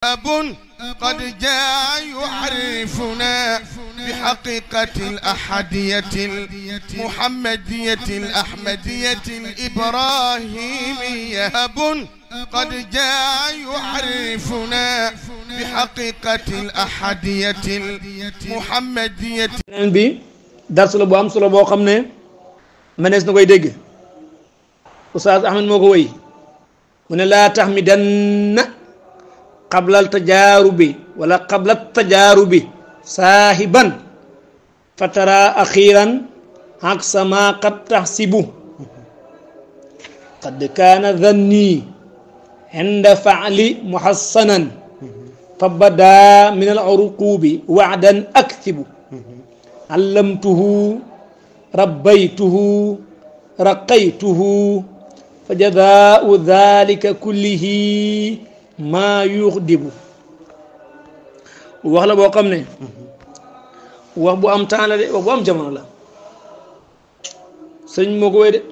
أب قد جاء يعرفنا بحقيقة الأحدية المحمدية الأحمدية الإبراهيمية أب قد جاء يعرفنا بحقيقة الأحدية المحمدية نبي نعم درس لو بام سولو بو من منس قيد استاذ احمد مكو وي من لا تحمدن قبل التجارب ولا قبل التجارب صاحبا فترى أخيرا عكس ما قد تحسبه قد كان ذني عند فعل محصنا فبدا من العرقوب وعدا أكتب علمته ربيته رقيته فجزاء ذلك كله maa yuux dibu wax la boo xam ne wax bu am temps de wax bu am jamono la sëñ moo ko wéy de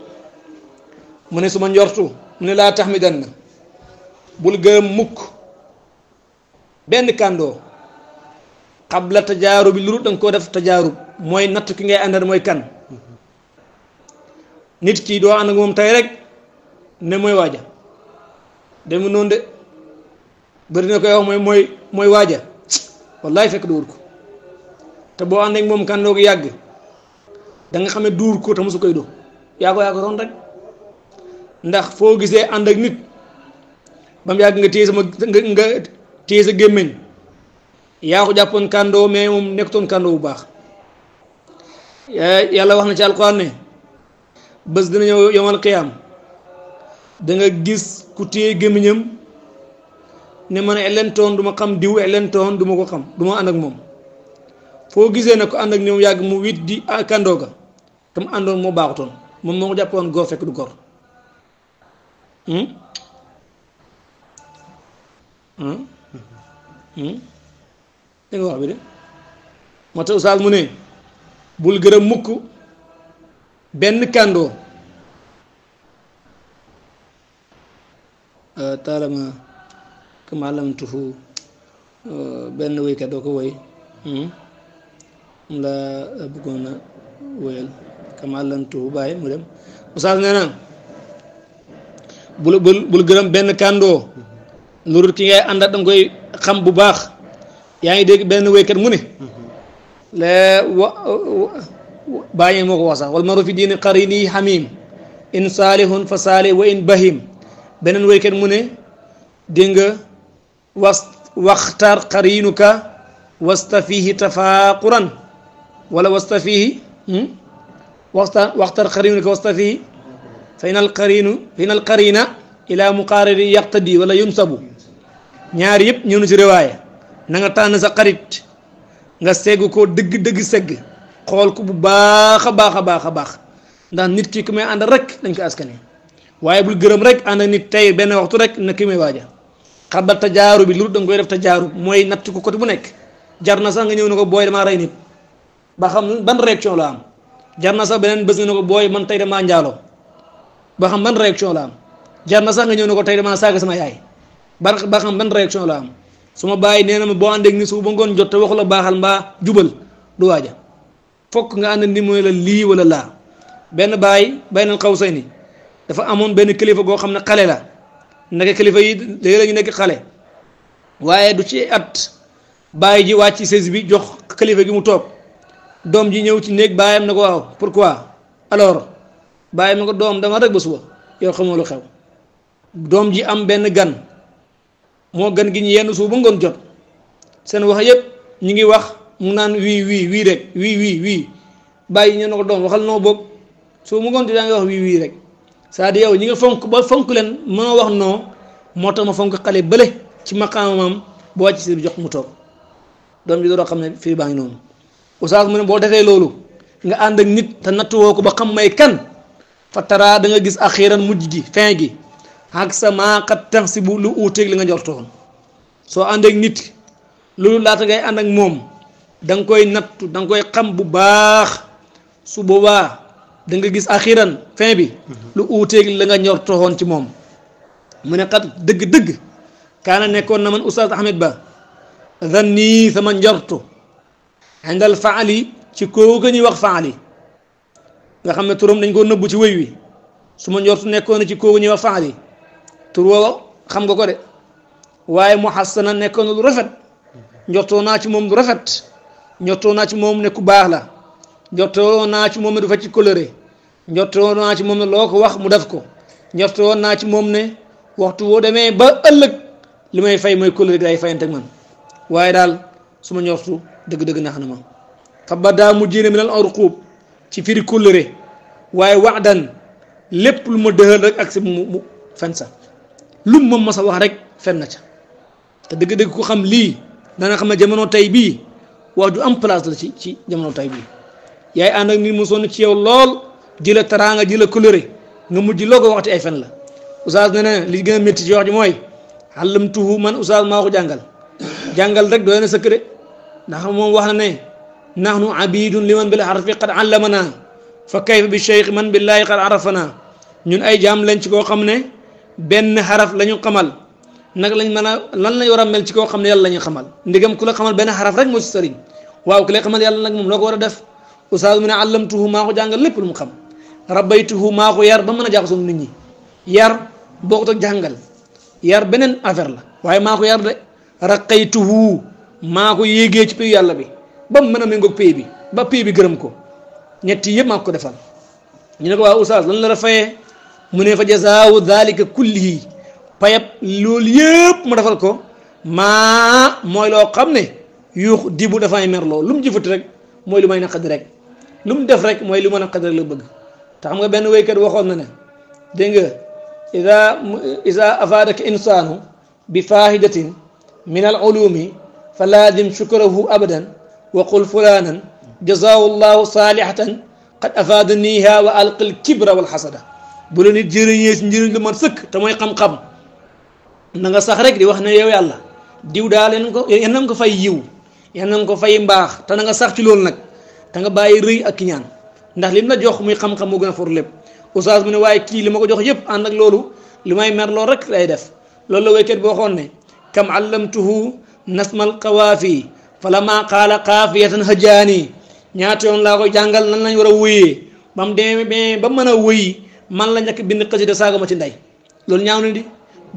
mu ne su ma njortu mu ne laa tax mi dan bul gërëm mukk benn kàndoo xabla tajaarub bi lu danga koo def tajaarub mooy natt ki ngay àndal mooy kan nit kii doo ànd ak moom tey rek ne mooy waaja dem noonu de bari na koy wax mooy mooy mooy waaja wallaay fekk duur ko te boo ànd ak moom kàndoo gi yàgg da nga xam ne duur ko te mosu koy do yaa ko yaa ko rek ndax foo gisee ànd ak nit ba mu yàgg nga téye sama nga nga sa gémmiñ yaa ko jàppoon kàndoo mais moom nekkutoon kàndoo bu baax yàlla wax na ci alquran ne bés dina ñëw yomal qiyaam da gis ku téye gémmiñam ne man elentoon duma xam diw elentoon du ko xam du ma ànd ak moom foo gisee ne ko ànd ak ñoom yàgg mu wit di kandoo ga tam àndoon moo baaxutoon moom moo ko jàppoon góor fekk du góor hmm? hmm? hmm? bul gërëm mukk benn kandoo euh, taalama kama lam tufu euh, benn woykat doo ko woy hmm? la bëggoon a woyal kama lam tufu bàyyi mu dem oustaz nee na bul bul bul gërëm benn kàndoo lu dul ki ngay àndaat danga koy xam bu baax yaa ngi dégg benn woykat mu ne la wa bàyyi moo ko wax wal maru fi diini qarini hamim in saalihun fa saalih wa in bahim beneen woykat mu ne dégg واختر قرينك وسط فيه تفاقرا ولا وسط فيه واختر قرينك وسط فيه فإن القرين فإن القرين إلى مقارن يقتدي ولا ينسب ñaar yëpp ñëw na ci riwaaya na nga tànn sa xarit nga ségu ko dëgg dëgg segg xool ko bu baax a baax a baax a baax ndax nit ki ku may ànd rek dañ ko askane waaye bul gërëm rek ànd nit tey benn waxtu rek na ki may waaja xabal tajaru bi lu dang ngoy def tajaru moy nat ko ko bu nek jarna sa nga ñew nako boy dama ray nit ba xam ban réaction la am jarna sa benen bëss bés nga ne man tay dama ndialo ba xam ban réaction la am jarna sa nga ñew nako tay dama sag sama yaay ba xam ban réaction la am suma baye neena na ma boo ni su bu ngon jot te waxu la jubal du waja fokk nga and ni moy la li wala la ben baye bay qawsaini dafa amone ben kilifa go xamne la naka kilifa yi léegi lañu nekk xale waaye du ci at bàyyi ji wàcc sées bi jox kilifa gi mu toog doom ji ñëw ci néeg bayam na ko waaw pourquoi alors bàyyam na ko doom dama rek ba lu xew ji am benn gan moo gan gi ñu yenn suuf ba ngoon jot seen wax yépp wiwi ngi wax mu naan wii wii wii rek wii wii wii bàyyi ñu waxal mu jot wax rek c'est-à-dire yow ñi nga fonk ba fonk leen mënoo wax non moo tax ma fonk xale bële ci maqaamam boo wàcc si jox mu toog doom ji dooroo xam ne mu ne defee loolu nga ànd ak nit te nattuwoo ko ba xam may kan fa tara da nga gis akhiran mujj gi fin gi ak sa maaqat tax si bu lu li nga jortoon soo ànd ak nit loolu laata ngay ànd ak moom da nga koy nattu da nga koy bu baax su boobaa da nga gis axiran fin bi lu uuteeg la nga ñor toxoon ci moom mu ne xat dëgg-dëgg kaana nekkoon na man oustaz ahmed ba zanni sama njortu indal faali ci koo ga ñuy wax faali nga xam ne turam dañ koo nëbbu ci wëy wi su ma njortu nekkoon na ci koo ga ñuy wax faali tur woowa xam nga ko de waaye mu xasana nekkoon na lu rafet njortoo naa ci moom lu rafet njortoo naa ci moom ne ku baax la njortoo naa ci moom du fa ci coloré njortoo naa ci moom ne loo ko wax mu def ko njortoo naa ci moom ne waxtu woo demee ba ëllëg li may fay mooy kóllëre ay fayante man waaye daal su ma njortu dëgg-dëgg nax xam ne fa ba daa mu jéne minal urquub ci firi kóllëre waaye waxdan lépp lu ma dëxal rek ak si mu fen sa lu ma sa wax rek fen na ca te dëgg-dëgg ku xam lii dana xam ne jamono tey bii wax ju am place la ci ci jamono tey bii yaay ànd ak nit mu sonn ci yow lool ji la taraanga ji la coloré nga mujj loo ko waxati ay fen la oustaz ne ne li gën a métti ci wax ji mooy allamtuhu man oustaz maa ko jàngal jàngal rek doy na sëkk de ndax moom wax na ne nahnu abidun li man bil harfi qad allamana fa kayfa bi cheikh man billahi qad arafana ñun ay jaam lañ ci koo xam ne benn xaraf la ñu xamal nag lañ man a la lañ war a mel ci koo xam ne yàlla la ñu xamal ndigam ku la xamal benn xaraf rek moo ci sëriñ waaw ku lay xamal yàlla nag moom loo a def oustaz mu ne allamtuhu maa xam rabaytuhu maa maako yar ba mën a jaxasoog nit ñi yar bokkut ak jàngal yar beneen affaire la waaye maako ko yar de raqaytuhu maa ko yéegee ci pay yàlla bi ba mu mën a méngoog pay bi ba pay bi gërëm ko ñetti yëpp maa ko defal ñu ne ko waa oustaz lan la la mu ne fa jazaawu daalika kullihi payab loolu mu defal ko maa loo xam ne yuux dibu dafay merloo lu mu jëfati rek mooy lu may naqadi rek lu mu def rek mooy lu ma naqadi rek la bëgg تخم بن ويكر واخون نا اذا اذا افادك انسان بفاهده من العلوم فلازم شكره ابدا وقل فلانا جزاه الله صالحه قد افادنيها والق الكبر والحسد بولني جيرني جيرني دمر سك تماي خم خم نغا سخ رك دي واخنا يو يالا ديو دالن كو ينم كو فاي يو ينم كو فاي ري اك ndax lim la jox muy xam-xam moo gën a for lépp oustaz mu ne waaye kii li ma ko jox yëpp ànd ak loolu li may mer loolu rek lay def loolu la waykat boo xoon ne kam allamtuhu nasmal qawaafi falama qaala qaafiyatan hajaani ñaata yoon laa koy jàngal nan lañ war a wuyee ba mu demee ba mën a wuyi man la njëkk bind xasida saaga ma ci ndey loolu ñaaw na di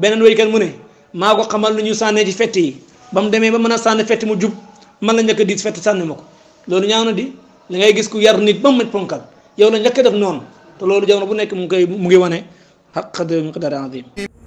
beneen waykat mu ne maa ko xamal lu ñu sànnee ci fett yi ba mu demee ba mën a sànni fett mu jub man la njëkk diit fett sànni ko da ngay gis ku yar nit ba mu mën ponkal yow la njëkk def noonu te loolu jamono bu nekk mu ngi koy mu ngi wane xaq qadri miqdaar